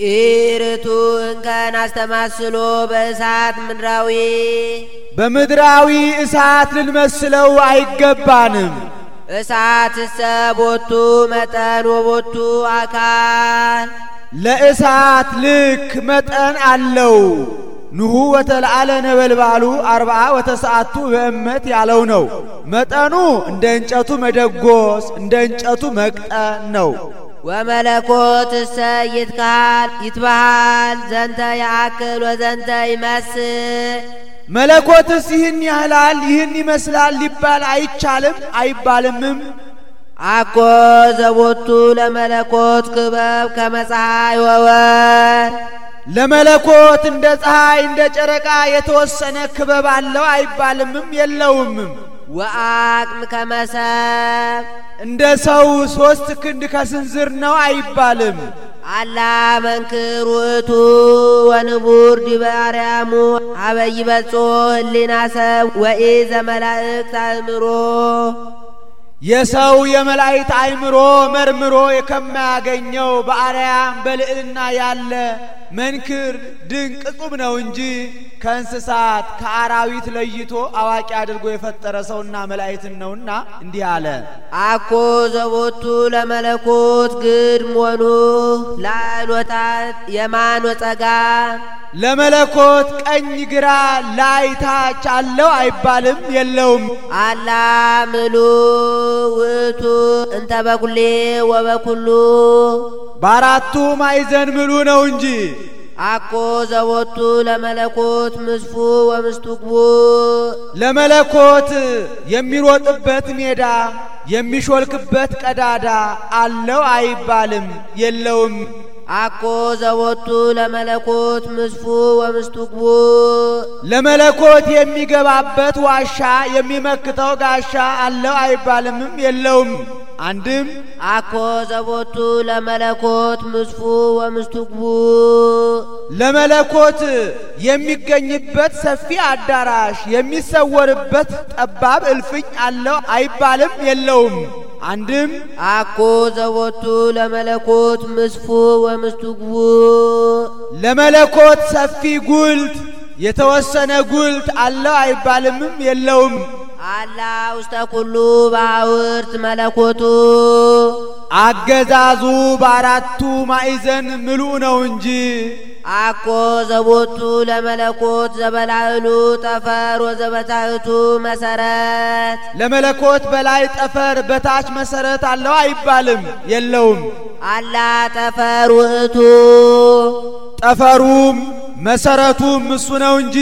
ኢርቱ እንከን አስተማስሎ በእሳት ምድራዊ በምድራዊ እሳት ልንመስለው አይገባንም። እሳት እሰ ቦቱ መጠን ወቦቱ አካል ለእሳት ልክ መጠን አለው። ንሁ ወተልዓለ ነበልባሉ አርብዓ ወተሰዓቱ በእመት ያለው ነው። መጠኑ እንደ እንጨቱ መደጎስ፣ እንደ እንጨቱ መቅጠን ነው። ወመለኮት እሰ ይትካል ይትበሃል ዘንተ ያአክል ወዘንተ ይመስ መለኮትስ ይህን ያህላል ይህን ይመስላል ሊባል አይቻልም አይባልምም። አኮ ዘቦቱ ለመለኮት ክበብ ከመ ፀሐይ ወወር ለመለኮት እንደ ፀሐይ እንደ ጨረቃ የተወሰነ ክበብ አለው አይባልምም የለውምም። ወአቅም ከመሰብ እንደ ሰው ሶስት ክንድ ከስንዝር ነው አይባልም። አላ መንክር ውእቱ ወንቡር ዲበ አርያሙ አበ ይበጾ ህሊና ሰብ ወኢ ዘመላእክት አእምሮ የሰው የመላእክት አእምሮ መርምሮ ከማያገኘው በአርያም በልዕልና ያለ መንክር ድንቅ ቁም ነው እንጂ ከእንስሳት ከአራዊት ለይቶ አዋቂ አድርጎ የፈጠረ ሰውና መላእክትን ነውና እንዲህ አለ። አኮ ዘቦቱ ለመለኮት ግድም ወኑ ላዕሎታት የማን ወጸጋ ለመለኮት ቀኝ ግራ ላይ ታች አለው አይባልም የለውም አላ ውእቱ እንተ በኩሌ ወበኩሉ በአራቱ ማዕዘን ምሉ ነው እንጂ አኮ ዘቦቱ ለመለኮት ምስፉ ወምስቱግቡ ለመለኮት የሚሮጥበት ሜዳ የሚሾልክበት ቀዳዳ አለው አይባልም የለውም። አኮ ዘወቱ ለመለኮት ምስፉ ወምስቱግቡ ለመለኮት የሚገባበት ዋሻ የሚመክተው ጋሻ አለው አይባልምም የለውም። አንድም አኮ ዘቦቱ ለመለኮት ምስፉ ወምስትግቡ ለመለኮት የሚገኝበት ሰፊ አዳራሽ የሚሰወርበት ጠባብ እልፍኝ አለው አይባልም የለውም። አንድም አኮ ዘቦቱ ለመለኮት ምስፉ ወምስትግቡ ለመለኮት ሰፊ ጉልት የተወሰነ ጉልት አለው አይባልምም የለውም። አላ ውስተ ኩሉ ባውርት መለኮቱ አገዛዙ በአራቱ ማዕዘን ምሉ ነው እንጂ አኮ ዘቦቱ ለመለኮት ዘበላዕሉ ጠፈር ወዘበታሕቱ መሰረት ለመለኮት በላይ ጠፈር በታች መሰረት አለው አይባልም፣ የለውም። አላ ጠፈር ውእቱ ጠፈሩም መሰረቱም እሱ ነው እንጂ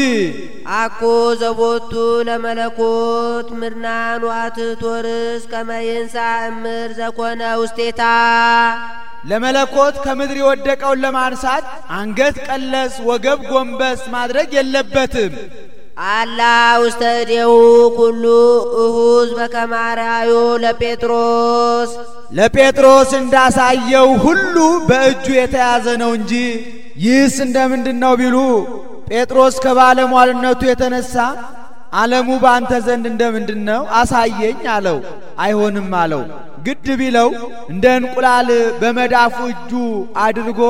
አኮ ዘቦቱ ለመለኮት ምርናን ዋት ርስ ከመይንሳ እምር ዘኮነ ውስቴታ ለመለኮት ከምድር የወደቀውን ለማንሳት አንገት ቀለስ ወገብ ጎንበስ ማድረግ የለበትም። አላ ውስተ እዴሁ ኩሉ እሁዝ በከማራዮ ለጴጥሮስ ለጴጥሮስ እንዳሳየው ሁሉ በእጁ የተያዘ ነው እንጂ ይህስ ምንድን ነው ቢሉ ጴጥሮስ ከባለሟልነቱ የተነሳ ዓለሙ በአንተ ዘንድ ምንድን ነው አሳየኝ አለው። አይሆንም አለው። ግድ ቢለው እንደ እንቁላል በመዳፉ እጁ አድርጎ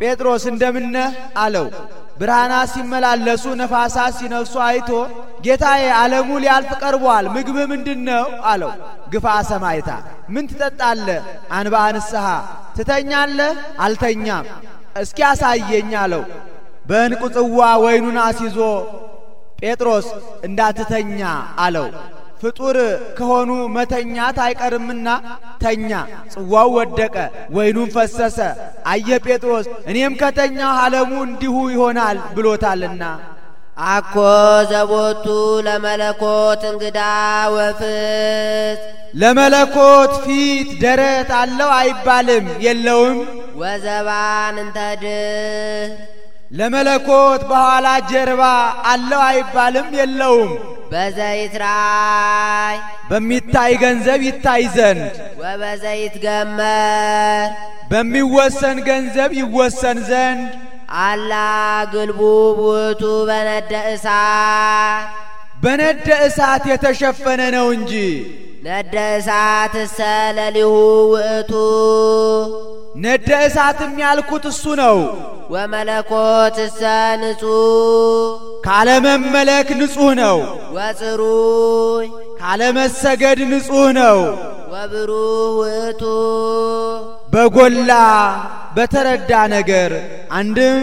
ጴጥሮስ እንደምነህ አለው። ብርሃናት ሲመላለሱ ነፋሳት ሲነፍሱ አይቶ ጌታዬ ዓለሙ ሊያልፍ ቀርቧል፣ ምግብ ምንድን ነው አለው። ግፋ ሰማይታ ምን ትጠጣለህ? አንባ ንስሐ ትተኛለህ? አልተኛም እስኪ ያሳየኝ አለው። በእንቁ ጽዋ ወይኑን አስይዞ ጴጥሮስ እንዳትተኛ አለው። ፍጡር ከሆኑ መተኛት አይቀርምና ተኛ። ጽዋው ወደቀ፣ ወይኑም ፈሰሰ። አየ ጴጥሮስ፣ እኔም ከተኛው ዓለሙ እንዲሁ ይሆናል ብሎታልና። አኮ ዘቦቱ ለመለኮት እንግዳ ወፍት ለመለኮት ፊት ደረት አለው አይባልም የለውም ወዘባን እንተድ ለመለኮት በኋላ ጀርባ አለው አይባልም የለውም። በዘይት ራይ በሚታይ ገንዘብ ይታይ ዘንድ ወበዘይት ገመር በሚወሰን ገንዘብ ይወሰን ዘንድ አላ ግልቡ ውእቱ በነደ እሳት በነደ እሳት የተሸፈነ ነው እንጂ ነደ እሳት ሰለሊሁ ውእቱ ነደ እሳትም ያልኩት እሱ ነው። ወመለኮት እሰ ንጹሕ ካለመመለክ ንጹሕ ነው። ወጽሩይ ካለመሰገድ ንጹሕ ነው። ወብሩህ ውእቱ በጎላ በተረዳ ነገር አንድም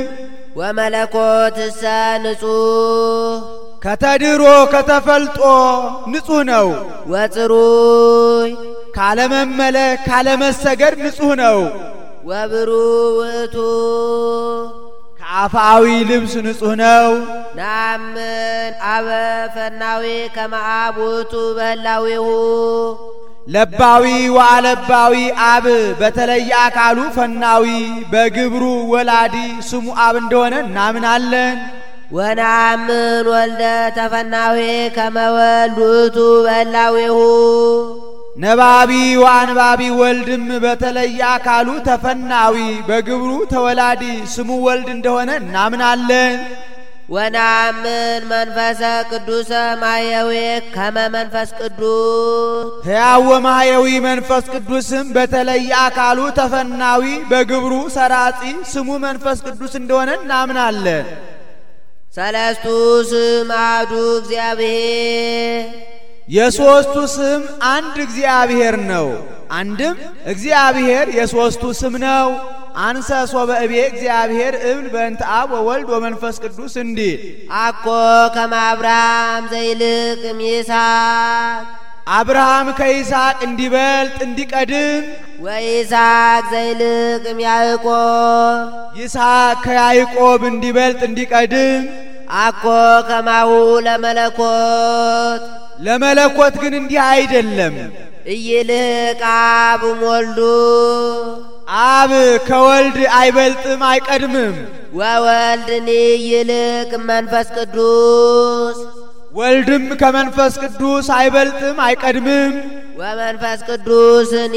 ወመለኮት እሰ ንጹሕ ከተድሮ ከተፈልጦ ንጹሕ ነው። ወጽሩይ ካለመመለክ ካለመሰገድ ንጹሕ ነው። ወብሩ ውእቱ ከአፋዊ ልብስ ንጹህ ነው። ናምን አበ ፈናዊ ከመ አብ ውእቱ በህላዊሁ ለባዊ ወአለባዊ አብ በተለየ አካሉ ፈናዊ በግብሩ ወላዲ ስሙ አብ እንደሆነ እናምናለን። ወናምን ወልደ ተፈናዊ ከመወልዱቱ ወልድ ውእቱ በህላዊሁ ነባቢ ወአንባቢ ወልድም በተለየ አካሉ ተፈናዊ በግብሩ ተወላዲ ስሙ ወልድ እንደሆነ እናምናለን። ወናምን መንፈሰ ቅዱሰ ማየዊ ከመ መንፈስ ቅዱስ ሕያው ማየዊ መንፈስ ቅዱስም በተለየ አካሉ ተፈናዊ በግብሩ ሰራጺ ስሙ መንፈስ ቅዱስ እንደሆነ እናምናለን። ሰለስቱ ስም እግዚአብሔር የሦስቱ ስም አንድ እግዚአብሔር ነው። አንድም እግዚአብሔር የሦስቱ ስም ነው። አንሰ ሶበ እቤ እግዚአብሔር እብል በእንተ አብ ወወልድ ወመንፈስ ቅዱስ እንዲል አኮ ከመ አብርሃም ዘይልቅ እምይስሐቅ አብርሃም ከይስሐቅ እንዲበልጥ እንዲቀድም ወይስሐቅ ዘይልቅም እምያዕቆብ ይስሐቅ ከያዕቆብ እንዲበልጥ እንዲቀድም አኮ ከማሁ ለመለኮት ለመለኮት ግን እንዲህ አይደለም። አብ ወልዱ አብ ከወልድ አይበልጥም አይቀድምም። ወወልድኒ ይልቅ መንፈስ ቅዱስ ወልድም ከመንፈስ ቅዱስ አይበልጥም አይቀድምም። ወመንፈስ ቅዱስኒ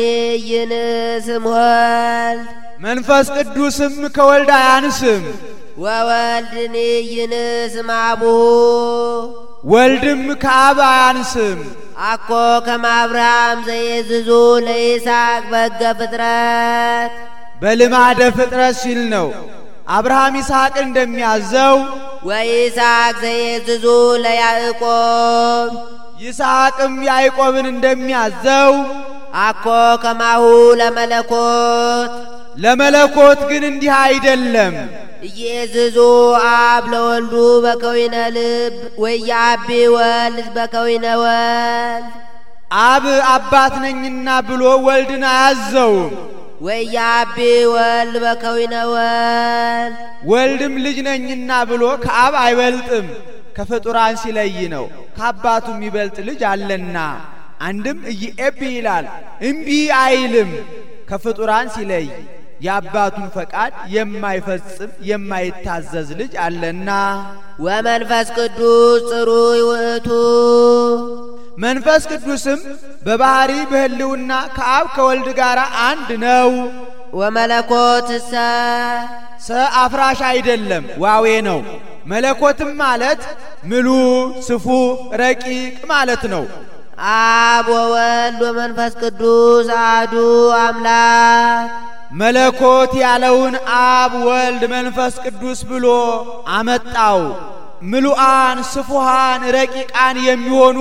ይንስም ወልድ መንፈስ ቅዱስም ከወልድ አያንስም። ወወልድኒ ይንስም አቡሁ ወልድም ከአብ አያንስም። አኮ ከመ አብርሃም ዘየዝዙ ለይስሐቅ በገ ፍጥረት በልማደ ፍጥረት ሲል ነው። አብርሃም ይስሐቅ እንደሚያዘው ወይስሐቅ ዘየዝዙ ለያዕቆብ ይስሐቅም ያዕቆብን እንደሚያዘው አኮ ከማሁ ለመለኮት ለመለኮት ግን እንዲህ አይደለም። እየዝዙ አብ ለወልዱ በከዊነ ልብ ወያቢ ወልድ በከዊነ ወልድ አብ አባት ነኝና ብሎ ወልድን አያዘውም። ወያቢ ወልድ በከዊነ ወልድ ወልድም ልጅ ነኝና ብሎ ከአብ አይበልጥም። ከፍጡራን ሲለይ ነው። ከአባቱ የሚበልጥ ልጅ አለና አንድም እይኤብ ይላል፣ እምቢ አይልም። ከፍጡራን ሲለይ የአባቱን ፈቃድ የማይፈጽም የማይታዘዝ ልጅ አለና ወመንፈስ ቅዱስ ጽሩይ ውእቱ መንፈስ ቅዱስም በባህሪ በህልውና ከአብ ከወልድ ጋር አንድ ነው። ወመለኮት ሰ ሰ አፍራሽ አይደለም፣ ዋዌ ነው። መለኮትም ማለት ምሉ፣ ስፉ፣ ረቂቅ ማለት ነው። አብ ወወልድ ወመንፈስ ቅዱስ አዱ አምላክ መለኮት ያለውን አብ ወልድ መንፈስ ቅዱስ ብሎ አመጣው። ምሉአን ስፉሃን ረቂቃን የሚሆኑ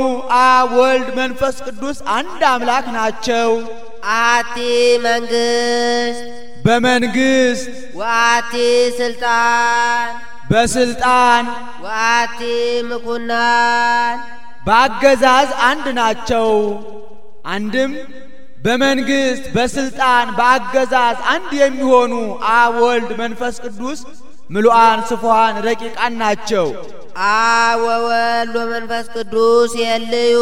አብ ወልድ መንፈስ ቅዱስ አንድ አምላክ ናቸው። አቲ መንግስት በመንግስት ዋቲ ስልጣን በስልጣን ዋቲ ምኩናን በአገዛዝ አንድ ናቸው። አንድም በመንግስት በስልጣን በአገዛዝ አንድ የሚሆኑ አብ ወልድ መንፈስ ቅዱስ ምሉአን ስፉሃን ረቂቃን ናቸው። አብ ወወልድ ወመንፈስ ቅዱስ የልዩ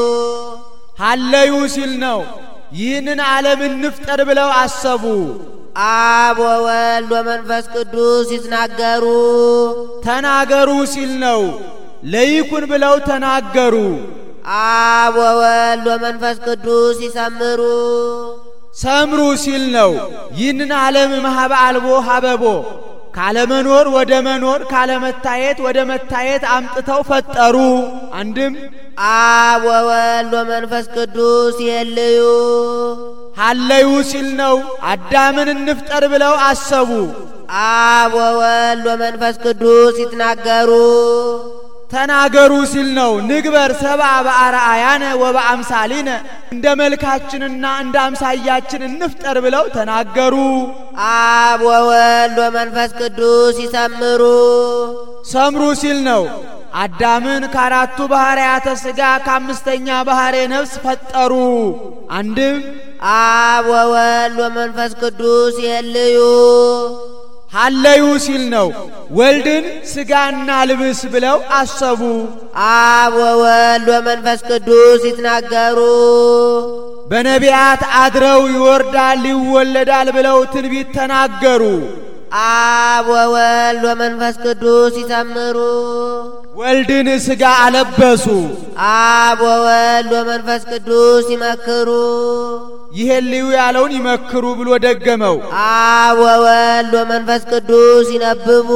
ሀለዩ ሲል ነው። ይህንን ዓለም እንፍጠር ብለው አሰቡ። አብ ወወልድ ወመንፈስ ቅዱስ ይትናገሩ ተናገሩ ሲል ነው። ለይኩን ብለው ተናገሩ። አብ ወወልድ ወመንፈስ ቅዱስ ይሰምሩ ሰምሩ ሲል ነው። ይህንን ዓለም ማኅበ አልቦ ሀበቦ ካለመኖር ወደ መኖር ካለመታየት ወደ መታየት አምጥተው ፈጠሩ። አንድም አብ ወወልድ ወመንፈስ ቅዱስ የልዩ ሀለዩ ሲል ነው። አዳምን እንፍጠር ብለው አሰቡ። አብ ወወልድ ወመንፈስ ቅዱስ ይትናገሩ ተናገሩ ሲል ነው። ንግበር ሰብአ በአርአያነ ወበአምሳሊነ እንደ መልካችንና እንደ አምሳያችን እንፍጠር ብለው ተናገሩ። አብ ወወልድ ወመንፈስ ቅዱስ ይሰምሩ ሰምሩ ሲል ነው። አዳምን ከአራቱ ባህርያተ ሥጋ ከአምስተኛ ባህሬ ነፍስ ፈጠሩ። አንድም አብ ወወልድ ወመንፈስ ቅዱስ የልዩ ሀለዩ ሲል ነው። ወልድን ስጋና ልብስ ብለው አሰቡ። አብ ወወልድ ወመንፈስ ቅዱስ ይትናገሩ በነቢያት አድረው ይወርዳል ይወለዳል ብለው ትንቢት ተናገሩ። አብ ወወልድ ወመንፈስ ቅዱስ ይሰምሩ ወልድን ስጋ አለበሱ። አብ ወወልድ ወመንፈስ ቅዱስ ይመክሩ። ይሄን ልዩ ያለውን ይመክሩ ብሎ ደገመው። አብ ወወልድ ወመንፈስ ቅዱስ ይነብቡ።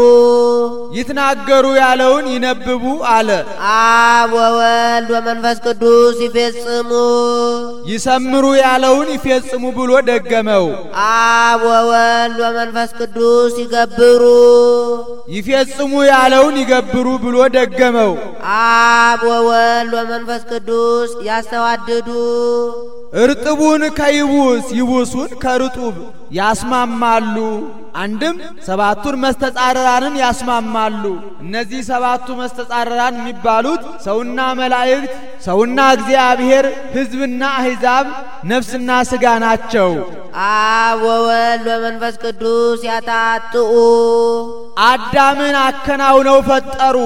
ይትናገሩ ያለውን ይነብቡ አለ። አብ ወወልድ ወመንፈስ ቅዱስ ይፌጽሙ። ይሰምሩ ያለውን ይፌጽሙ ብሎ ደገመው። አብ ወወልድ ወመንፈስ ቅዱስ ይገብሩ ይፈጽሙ ያለውን ይገብሩ ብሎ ደገመው። አብ ወወልድ ወመንፈስ ቅዱስ ያስተዋድዱ እርጥቡን ከይቡስ ይቡሱን ከርጡብ ያስማማሉ። አንድም ሰባቱን መስተጻረራንን ያስማማሉ። እነዚህ ሰባቱ መስተጻረራን የሚባሉት ሰውና መላእክት፣ ሰውና እግዚአብሔር፣ ሕዝብና አሕዛብ፣ ነፍስና ሥጋ ናቸው። አብ ወወልድ በመንፈስ ቅዱስ ያታጥኡ አዳምን አከናውነው ፈጠሩ።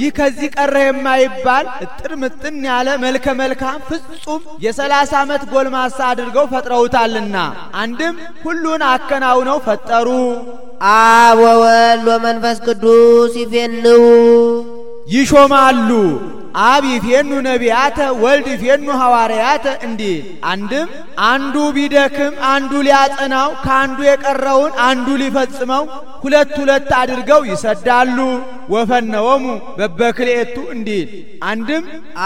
ይህ ከዚህ ቀረ የማይባል እጥር ምጥን ያለ መልከ መልካም ፍጹም የሰላሳ ዓመት ጎልማሳ አድርገው ፈጥረውታልና አንድም ሁሉን አከናውነው ፈጠሩ። አብ ወወልድ ወመንፈስ ቅዱስ ይፌንው ይሾማሉ። አብ ይፌኑ ነቢያተ ወልድ ይፌኑ ሐዋርያተ እንዲ አንድም አንዱ ቢደክም አንዱ ሊያጸናው፣ ከአንዱ የቀረውን አንዱ ሊፈጽመው ሁለት ሁለት አድርገው ይሰዳሉ። ወፈነወሙ በበክልኤቱ እንዲል አንድም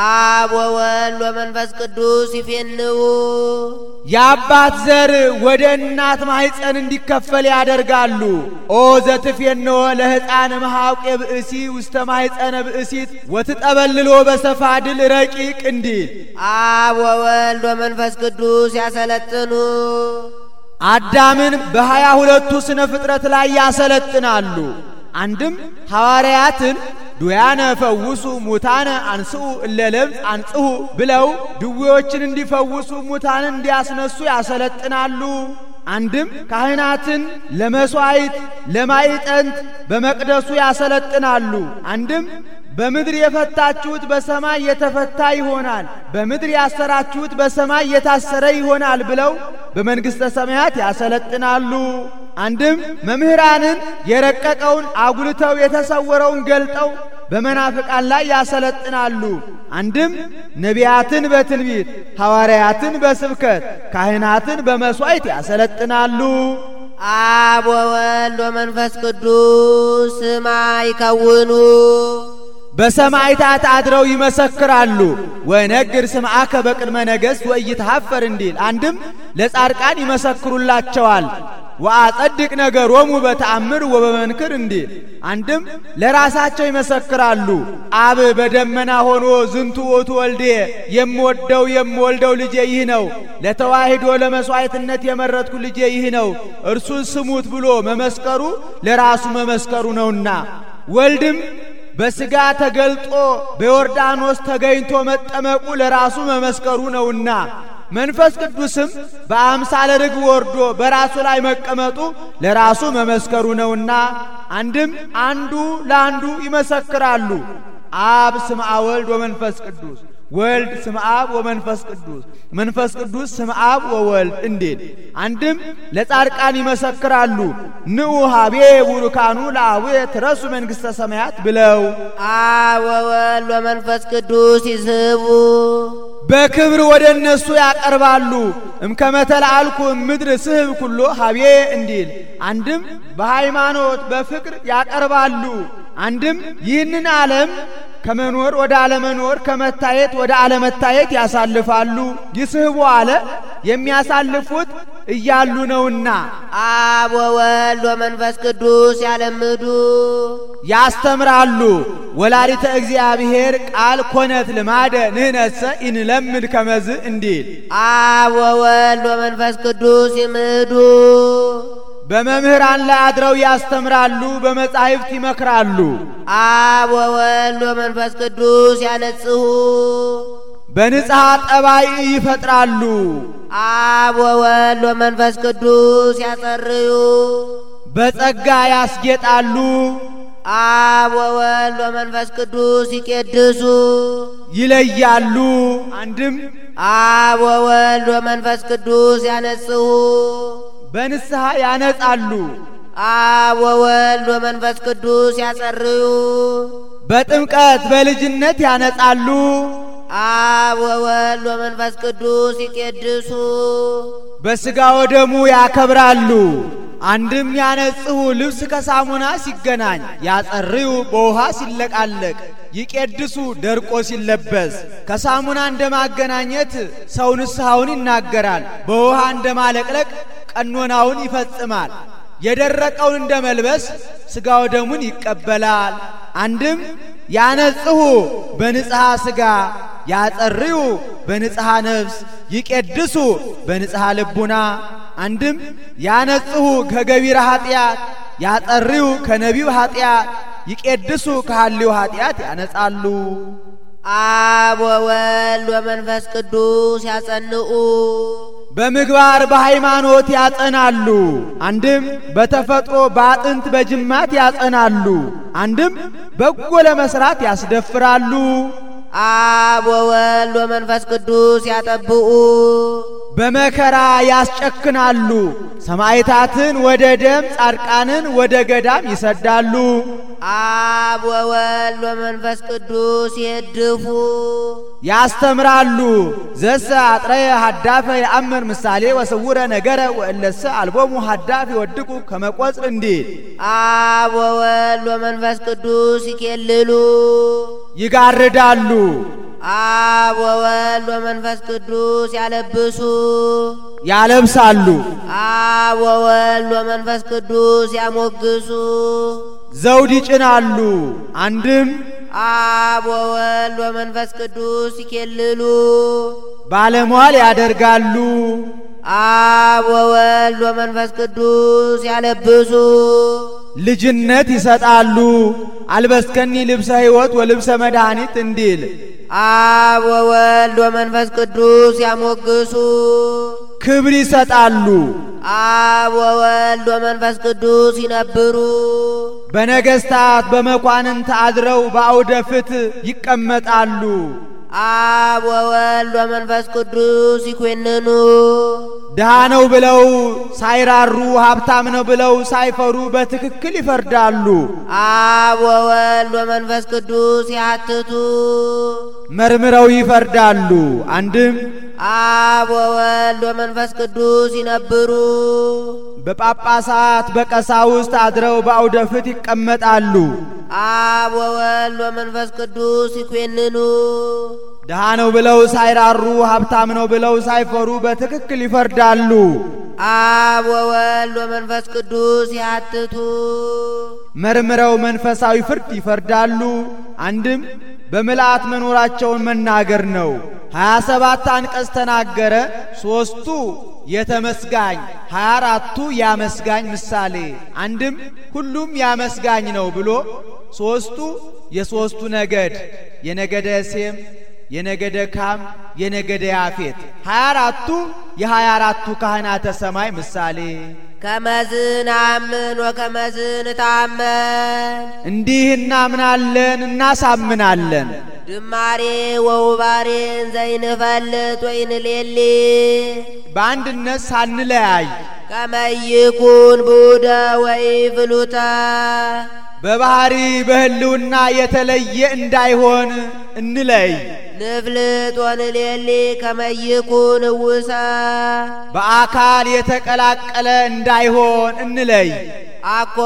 አብ ወወልድ ወመንፈስ ቅዱስ ይፌንው የአባት ዘር ወደ እናት ማሕፀን እንዲከፈል ያደርጋሉ። ኦ ዘትፌንወ ለሕፃን መሐውቄ ብእሲ ውስተ ማሕፀነ ብእሲት ወትጠበልሎ በሰፋ ድል ረቂቅ እንዲል አብ ወወልድ ወመንፈስ ቅዱስ ያሰለጥኑ አዳምን በሀያ ሁለቱ ስነ ፍጥረት ላይ ያሰለጥናሉ። አንድም ሐዋርያትን ዱያነ ፈውሱ ሙታነ አንስኡ እለለምጽ አንጽሁ ብለው ድዌዎችን እንዲፈውሱ ሙታንን እንዲያስነሱ ያሰለጥናሉ። አንድም ካህናትን ለመሥዋዕት ለማይጠንት በመቅደሱ ያሰለጥናሉ። አንድም በምድር የፈታችሁት በሰማይ የተፈታ ይሆናል፣ በምድር ያሰራችሁት በሰማይ የታሰረ ይሆናል ብለው በመንግሥተ ሰማያት ያሰለጥናሉ። አንድም መምህራንን የረቀቀውን አጉልተው የተሰወረውን ገልጠው በመናፍቃን ላይ ያሰለጥናሉ። አንድም ነቢያትን በትንቢት ሐዋርያትን በስብከት ካህናትን በመሥዋዕት ያሰለጥናሉ። አብ ወወልድ ወመንፈስ ቅዱስ ስማ ይከውኑ በሰማይታት አድረው ይመሰክራሉ። ወነግር ስምዓከ በቅድመ ነገሥት ወይትሃፈር እንዲል አንድም ለጻድቃን ይመሰክሩላቸዋል። ወአጸድቅ ነገሮሙ በተአምር ወበመንክር እንዲል አንድም ለራሳቸው ይመሰክራሉ። አብ በደመና ሆኖ ዝንቱ ውእቱ ወልዴ የምወደው የምወልደው ልጄ ይህ ነው፣ ለተዋሂዶ ለመሥዋዕትነት የመረጥኩ ልጄ ይህ ነው፣ እርሱን ስሙት ብሎ መመስከሩ ለራሱ መመስከሩ ነውና ወልድም በሥጋ ተገልጦ በዮርዳኖስ ተገኝቶ መጠመቁ ለራሱ መመስከሩ ነውና መንፈስ ቅዱስም በአምሳለ ርግብ ወርዶ በራሱ ላይ መቀመጡ ለራሱ መመስከሩ ነውና አንድም አንዱ ለአንዱ ይመሰክራሉ። አብ ስምዐ ወልድ ወመንፈስ ቅዱስ ወልድ ስምአብ ወመንፈስ ቅዱስ መንፈስ ቅዱስ ስምአብ ወወልድ እንዴት? አንድም ለጻድቃን ይመሰክራሉ ንዑ ሀቤ ቡሩካኑ ለአቡየ ትረሱ መንግሥተ ሰማያት ብለው አብ ወወልድ ወመንፈስ ቅዱስ ይስቡ በክብር ወደ እነሱ ያቀርባሉ። እምከመተላአልኩ ምድር ስህብ ኩሎ ሀቤ እንዲል አንድም በሃይማኖት በፍቅር ያቀርባሉ። አንድም ይህንን ዓለም ከመኖር ወደ አለመኖር ከመታየት ወደ አለመታየት ያሳልፋሉ። ይስህቡ አለ የሚያሳልፉት እያሉ ነውና አብ ወወልድ ወመንፈስ ቅዱስ ያለምዱ ያስተምራሉ። ወላዲተ እግዚአብሔር ቃል ኮነት ልማደ ንህነሰ ኢንለምድ ከመዝ እንዲል አብ ወወልድ ወመንፈስ ቅዱስ ይምዱ በመምህራን ላይ አድረው ያስተምራሉ፣ በመጻሕፍት ይመክራሉ። አብ ወወልድ ወመንፈስ ቅዱስ ያነጽሁ በንጽሐ ጠባይ ይፈጥራሉ። አብ ወወልድ ወመንፈስ ቅዱስ ያጸርዩ በጸጋ ያስጌጣሉ። አብ ወወልድ ወመንፈስ ቅዱስ ይቄድሱ ይለያሉ። አንድም አብ ወወልድ ወመንፈስ ቅዱስ ያነጽሁ በንስሐ ያነጻሉ። አብ ወወልድ ወመንፈስ ቅዱስ ያጸርዩ በጥምቀት በልጅነት ያነጻሉ። አብ ወወልድ ወመንፈስ ቅዱስ ይቄድሱ በሥጋ ወደሙ ያከብራሉ። አንድም ያነጽሁ ልብስ ከሳሙና ሲገናኝ፣ ያጸርዩ በውሃ ሲለቃለቅ፣ ይቄድሱ ደርቆ ሲለበስ። ከሳሙና እንደማገናኘት ሰው ንስሐውን ይናገራል። በውሃ እንደማለቅለቅ ቀኖናውን ይፈጽማል። የደረቀውን እንደ መልበስ ሥጋ ወደሙን ይቀበላል። አንድም ያነጽሁ በንጽሐ ሥጋ ያጸርዩ በንጽሐ ነፍስ ይቄድሱ በንጽሐ ልቡና። አንድም ያነጽሁ ከገቢረ ኀጢአት ያጸርዩ ከነቢው ኀጢአት ይቄድሱ ከሃሊው ኀጢአት ያነጻሉ። አብ ወወልድ ወመንፈስ ቅዱስ ያጸንኡ በምግባር በሃይማኖት ያጸናሉ። አንድም በተፈጥሮ በአጥንት በጅማት ያጸናሉ። አንድም በጎ ለመስራት ያስደፍራሉ። አብ ወወልድ ወመንፈስ ቅዱስ ያጠብኡ በመከራ ያስጨክናሉ። ሰማይታትን ወደ ደም፣ ጻድቃንን ወደ ገዳም ይሰዳሉ። አብ ወወልድ ወመንፈስ ቅዱስ የድፉ ያስተምራሉ። ዘሰ አጥረየ ሀዳፈ የአምር ምሳሌ ወስውረ ነገረ ወእለሰ አልቦሙ ሀዳፍ ይወድቁ ከመቈጽር እንዲል አብ ወወልድ ወመንፈስ ቅዱስ ይኬልሉ ይጋርዳሉ። አብ ወወልድ ወመንፈስ ቅዱስ ያለብሱ ያለብሳሉ። አብ ወወልድ ወመንፈስ ቅዱስ ያሞግሱ ዘውድ ይጭናሉ። አንድም አብ ወወልድ ወመንፈስ ቅዱስ ይኬልሉ ባለሟል ያደርጋሉ። አብ ወወልድ ወመንፈስ ቅዱስ ያለብሱ ልጅነት ይሰጣሉ። አልበስከኒ ልብሰ ሕይወት ወልብሰ መድኃኒት እንዲል አብ ወወልድ ወመንፈስ ቅዱስ ያሞግሱ ክብር ይሰጣሉ። አብ ወወልድ ወመንፈስ ቅዱስ ይነብሩ በነገስታት በመኳንንት አድረው በአውደ ፍትህ ይቀመጣሉ። አብ ወወልድ ወመንፈስ ቅዱስ ይኮንኑ ድሃ ነው ብለው ሳይራሩ ሀብታም ነው ብለው ሳይፈሩ በትክክል ይፈርዳሉ። አብ ወወልድ ወመንፈስ ቅዱስ ያትቱ መርምረው ይፈርዳሉ። አንድም አብ ወወልድ ወመንፈስ ቅዱስ ይነብሩ በጳጳሳት በቀሳውስት አድረው በአውደ ፍት ይቀመጣሉ። አብ ወወልድ ወመንፈስ ቅዱስ ይኮንኑ! ድሃ ነው ብለው ሳይራሩ፣ ሀብታም ነው ብለው ሳይፈሩ በትክክል ይፈርዳሉ። አብ ወወልድ ወመንፈስ ቅዱስ ያትቱ። መርምረው መንፈሳዊ ፍርድ ይፈርዳሉ። አንድም በምልአት መኖራቸውን መናገር ነው። ሀያ ሰባት አንቀጽ ተናገረ ሦስቱ የተመስጋኝ ሀያ አራቱ ያመስጋኝ ምሳሌ አንድም ሁሉም ያመስጋኝ ነው ብሎ ሶስቱ የሶስቱ ነገድ የነገደ ሴም፣ የነገደ ካም፣ የነገደ ያፌት ሀያ አራቱ የሀያ አራቱ ካህናተ ሰማይ ምሳሌ ከመዝን አምን ወከመዝን ታመን እንዲህ እናምናለን እናሳምናለን። ድማሬ ወውባሬን ዘይንፈልጥ ወይንሌሊ በአንድነት ሳንለያይ ከመይኩን ቡደ ወይ ፍሉተ በባህሪ በህልውና የተለየ እንዳይሆን እንለይ። ንፍልጦን ሌሊ ከመይኩን ውሳ በአካል የተቀላቀለ እንዳይሆን እንለይ። አኮ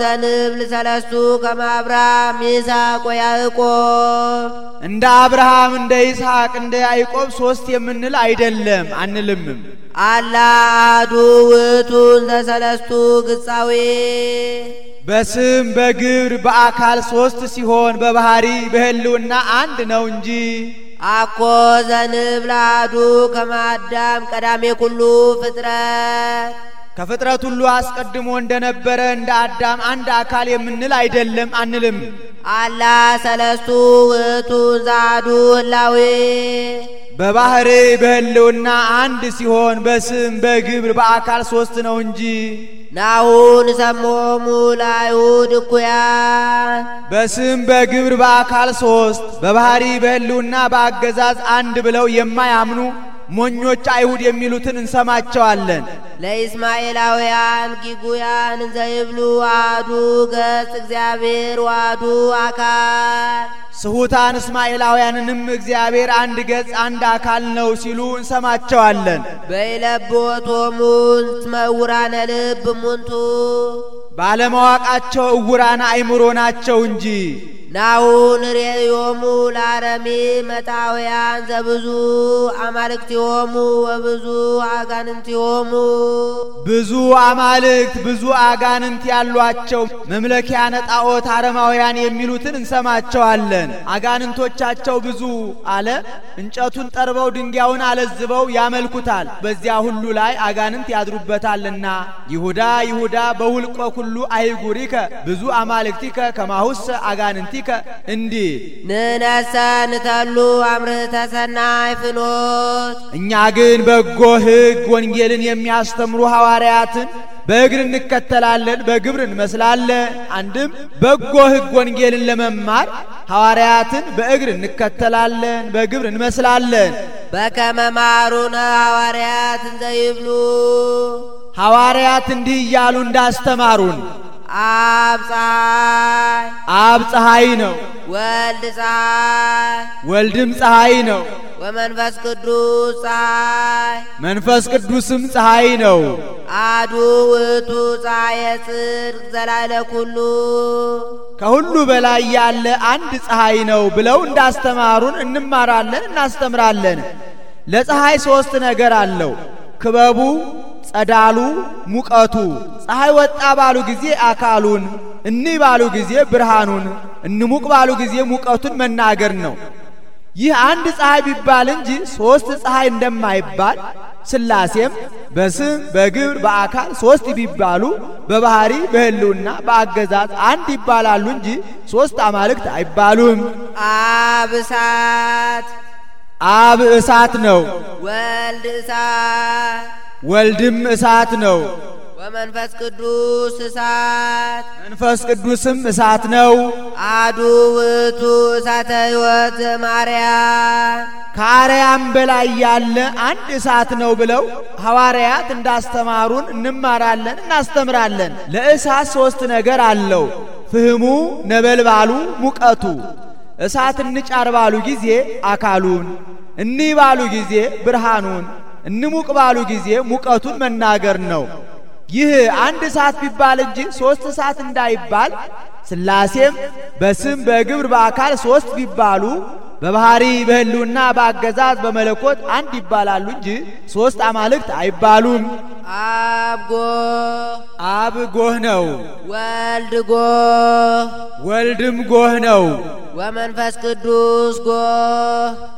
ዘንብል ሰለስቱ ከመ አብርሃም ይስሐቅ ወያዕቆብ እንደ አብርሃም እንደ ይስሐቅ እንደ ያዕቆብ ሶስት የምንል አይደለም አንልምም። አላ አሐዱ ውእቱ እንዘ ሰለስቱ ግጻዌ በስም በግብር በአካል ሶስት ሲሆን በባህሪ በህልውና አንድ ነው እንጂ። አኮ ዘንብላዱ ከማዳም ቀዳሜ ኩሉ ፍጥረት ከፍጥረት ሁሉ አስቀድሞ እንደነበረ እንደ አዳም አንድ አካል የምንል አይደለም አንልም። አላ ሰለስቱ ውእቱ ዛዱ ህላዌ በባህሪ በህልውና አንድ ሲሆን በስም በግብር በአካል ሶስት ነው እንጂ ናሁን ሰሞሙ ለአይሁድ እኩያ በስም በግብር በአካል ሶስት በባህሪ በህልውና በአገዛዝ አንድ ብለው የማያምኑ ሞኞች አይሁድ የሚሉትን እንሰማቸዋለን። ለኢስማኤላውያን ጊጉያን ዘይብሉ ይብሉ ዋዱ ገጽ እግዚአብሔር ዋዱ አካል ስሁታን እስማኤላውያንንም እግዚአብሔር አንድ ገጽ አንድ አካል ነው ሲሉ እንሰማቸዋለን። በይለቦቶሙ መውራነ ልብ ሙንቱ ባለማዋቃቸው እውራን አይምሮ ናቸው እንጂ ናውን ሬዮሙ ለአረሚ መጣውያን ዘብዙ አማልክቲሆሙ ወብዙ አጋንንቲሆሙ ብዙ አማልክት ብዙ አጋንንት ያሏቸው መምለኪያ ነጣዖት አረማውያን የሚሉትን እንሰማቸዋለን። አጋንንቶቻቸው ብዙ አለ። እንጨቱን ጠርበው ድንጋዩን አለዝበው ያመልኩታል። በዚያ ሁሉ ላይ አጋንንት ያድሩበታልና ይሁዳ ይሁዳ በውልቆ ሁሉ አይጉሪከ ብዙ አማልክቲከ ከማሁስ አጋንንቲ አብዲከ እንዲህ ንነሰ ንተሉ አምርህተሰና ይፍኖት እኛ ግን በጎ ሕግ ወንጌልን የሚያስተምሩ ሐዋርያትን በእግር እንከተላለን፣ በግብር እንመስላለን። አንድም በጎ ሕግ ወንጌልን ለመማር ሐዋርያትን በእግር እንከተላለን፣ በግብር እንመስላለን። በከመማሩነ ሐዋርያት እንዘይብሉ ሐዋርያት እንዲህ እያሉ እንዳስተማሩን አብ ፀሐይ አብ ፀሐይ ነው። ወልድ ፀሐይ ወልድም ፀሐይ ነው። ወመንፈስ ቅዱስ ፀሐይ መንፈስ ቅዱስም ፀሐይ ነው። አዱ ውእቱ ፀሐየ ጽድቅ ዘላለ ኩሉ ከሁሉ በላይ ያለ አንድ ፀሐይ ነው ብለው እንዳስተማሩን እንማራለን፣ እናስተምራለን። ለፀሐይ ሶስት ነገር አለው ክበቡ ጸዳሉ፣ ሙቀቱ ፀሐይ ወጣ ባሉ ጊዜ አካሉን፣ እንይ ባሉ ጊዜ ብርሃኑን፣ እንሙቅ ባሉ ጊዜ ሙቀቱን መናገር ነው። ይህ አንድ ፀሐይ ቢባል እንጂ ሶስት ፀሐይ እንደማይባል ስላሴም በስም በግብር በአካል ሶስት ቢባሉ በባህሪ በህልውና በአገዛዝ አንድ ይባላሉ እንጂ ሶስት አማልክት አይባሉም። አብ እሳት፣ አብ እሳት ነው። ወልድ እሳት ወልድም እሳት ነው። ወመንፈስ ቅዱስ እሳት፣ መንፈስ ቅዱስም እሳት ነው። አዱ ውእቱ እሳተ ሕይወት ማርያም ከአርያም በላይ ያለ አንድ እሳት ነው ብለው ሐዋርያት እንዳስተማሩን እንማራለን እናስተምራለን። ለእሳት ሦስት ነገር አለው፣ ፍህሙ፣ ነበልባሉ፣ ሙቀቱ። እሳት እንጫር ባሉ ጊዜ አካሉን፣ እኒህ ባሉ ጊዜ ብርሃኑን እንሙቅ ባሉ ጊዜ ሙቀቱን መናገር ነው። ይህ አንድ እሳት ቢባል እንጂ ሶስት እሳት እንዳይባል፣ ሥላሴም በስም በግብር በአካል ሶስት ቢባሉ በባህሪ በህልውና በአገዛዝ በመለኮት አንድ ይባላሉ እንጂ ሶስት አማልክት አይባሉም። አብጎ አብ ጎህ ነው። ወልድ ጎህ ወልድም ጎህ ነው። ወመንፈስ ቅዱስ ጎ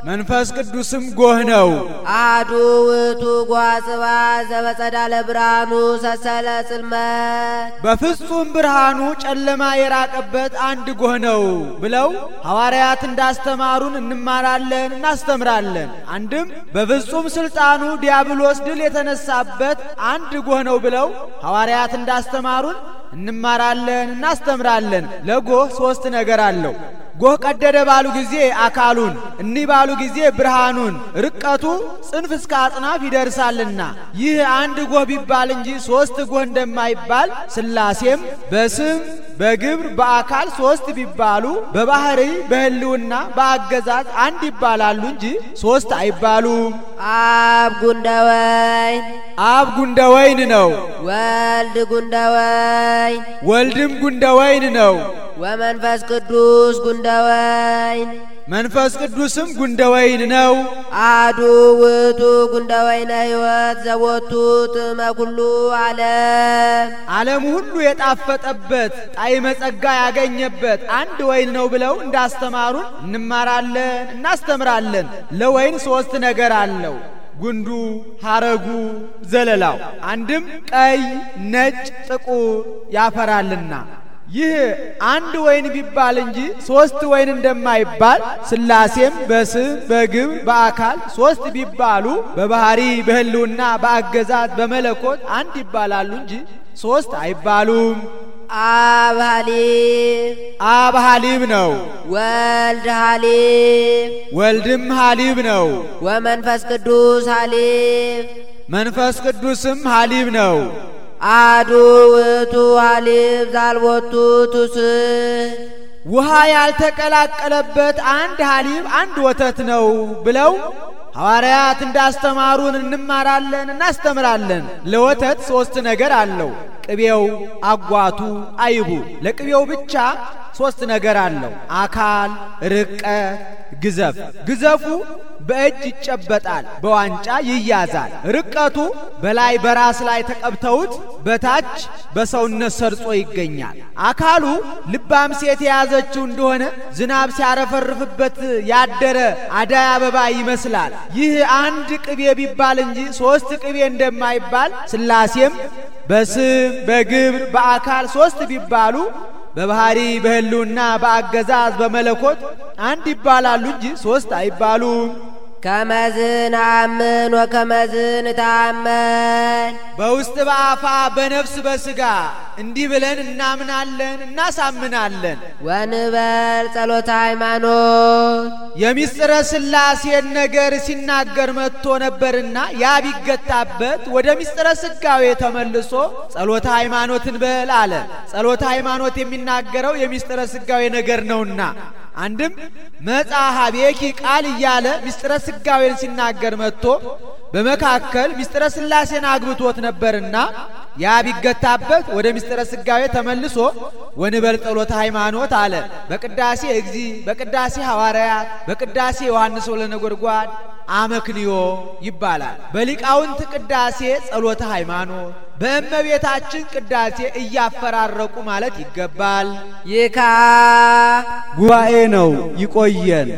መንፈስ ቅዱስም ጎህ ነው። አሐዱ ውእቱ ጓጽባ ዘበጸዳ ብርሃኑ ሰሰለ ጽልመት በፍጹም ብርሃኑ ጨለማ የራቀበት አንድ ጎህ ነው ብለው ሐዋርያት እንዳስተማሩን ቃሉን እንማራለን፣ እናስተምራለን። አንድም በፍጹም ስልጣኑ ዲያብሎስ ድል የተነሳበት አንድ ጎህ ነው ብለው ሐዋርያት እንዳስተማሩን እንማራለን፣ እናስተምራለን። ለጎህ ሶስት ነገር አለው። ጎህ ቀደደ ባሉ ጊዜ አካሉን እኒህ ባሉ ጊዜ ብርሃኑን ርቀቱ ጽንፍ እስከ አጽናፍ ይደርሳልና ይህ አንድ ጎህ ቢባል እንጂ ሶስት ጎህ እንደማይባል ስላሴም በስም በግብር በአካል ሶስት ቢባሉ በባህሪ በህልውና በአገዛዝ አንድ ይባላሉ እንጂ ሶስት አይባሉም። አብ ጉንደወይን አብ ጉንደወይን ነው። ወልድ ጉንደወይን ወልድም ጉንደወይን ነው። ወመንፈስ ቅዱስ ጉንደወይን መንፈስ ቅዱስም ጉንደወይን ነው። አዱ ውእቱ ጉንደወይነ ሕይወት ዘወቱ ጥመኩሉ ኩሉ ዓለም ዓለም ሁሉ የጣፈጠበት ጣዕመ ጸጋ ያገኘበት አንድ ወይን ነው ብለው እንዳስተማሩን እንማራለን እናስተምራለን። ለወይን ሦስት ነገር አለው ጉንዱ፣ ሐረጉ፣ ዘለላው። አንድም ቀይ፣ ነጭ፣ ጥቁር ያፈራልና ይህ አንድ ወይን ቢባል እንጂ ሶስት ወይን እንደማይባል ስላሴም በስም በግብ በአካል ሶስት ቢባሉ በባህሪ በህልውና በአገዛዝ በመለኮት አንድ ይባላሉ እንጂ ሶስት አይባሉም። አብ ሀሊም አብ ሀሊብ ነው። ወልድ ሀሊም ወልድም ሀሊም ነው። ወመንፈስ ቅዱስ ሀሊም መንፈስ ቅዱስም ሀሊም ነው። አዱ ውእቱ አሊብ ዛልቦቱ ቱስ ውሃ ያልተቀላቀለበት አንድ ሀሊብ አንድ ወተት ነው ብለው ሐዋርያት እንዳስተማሩን እንማራለን እናስተምራለን። ለወተት ሶስት ነገር አለው፣ ቅቤው፣ አጓቱ፣ አይቡ። ለቅቤው ብቻ ሶስት ነገር አለው፣ አካል፣ ርቀት፣ ግዘፍ። ግዘፉ በእጅ ይጨበጣል፣ በዋንጫ ይያዛል። ርቀቱ በላይ በራስ ላይ ተቀብተውት በታች በሰውነት ሰርጾ ይገኛል። አካሉ ልባም ሴት የያዘችው እንደሆነ ዝናብ ሲያረፈርፍበት ያደረ አዳይ አበባ ይመስላል። ይህ አንድ ቅቤ ቢባል እንጂ ሶስት ቅቤ እንደማይባል ስላሴም በስም በግብር በአካል ሶስት ቢባሉ በባህሪ በህልውና በአገዛዝ በመለኮት አንድ ይባላሉ እንጂ ሶስት አይባሉም። ከመዝን አምን ወከመዝን ታመን በውስጥ በአፋ በነፍስ በስጋ እንዲህ ብለን እናምናለን እናሳምናለን። ወንበር ጸሎተ ሃይማኖት የሚስጥረ ስላሴን ነገር ሲናገር መጥቶ ነበርና ያ ቢገታበት ወደ ሚስጥረ ስጋዌ ተመልሶ ጸሎተ ሃይማኖትን በል አለ። ጸሎተ ሃይማኖት የሚናገረው የሚስጥረ ስጋዌ ነገር ነውና አንድም መጽሐ ቤኪ ቃል እያለ ምስጢረ ስጋዌን ሲናገር መጥቶ በመካከል ምስጢረ ስላሴን አግብቶት ነበርና ያ ቢገታበት ወደ ምስጢረ ስጋዌ ተመልሶ ወንበል ጸሎተ ሃይማኖት አለ። በቅዳሴ እግዚ፣ በቅዳሴ ሐዋርያት፣ በቅዳሴ ዮሐንስ ወለነጎድጓድ አመክንዮ ይባላል። በሊቃውንት ቅዳሴ ጸሎተ ሃይማኖት፣ በእመቤታችን ቅዳሴ እያፈራረቁ ማለት ይገባል። ይካ ጉባኤ ነው። ይቆየን።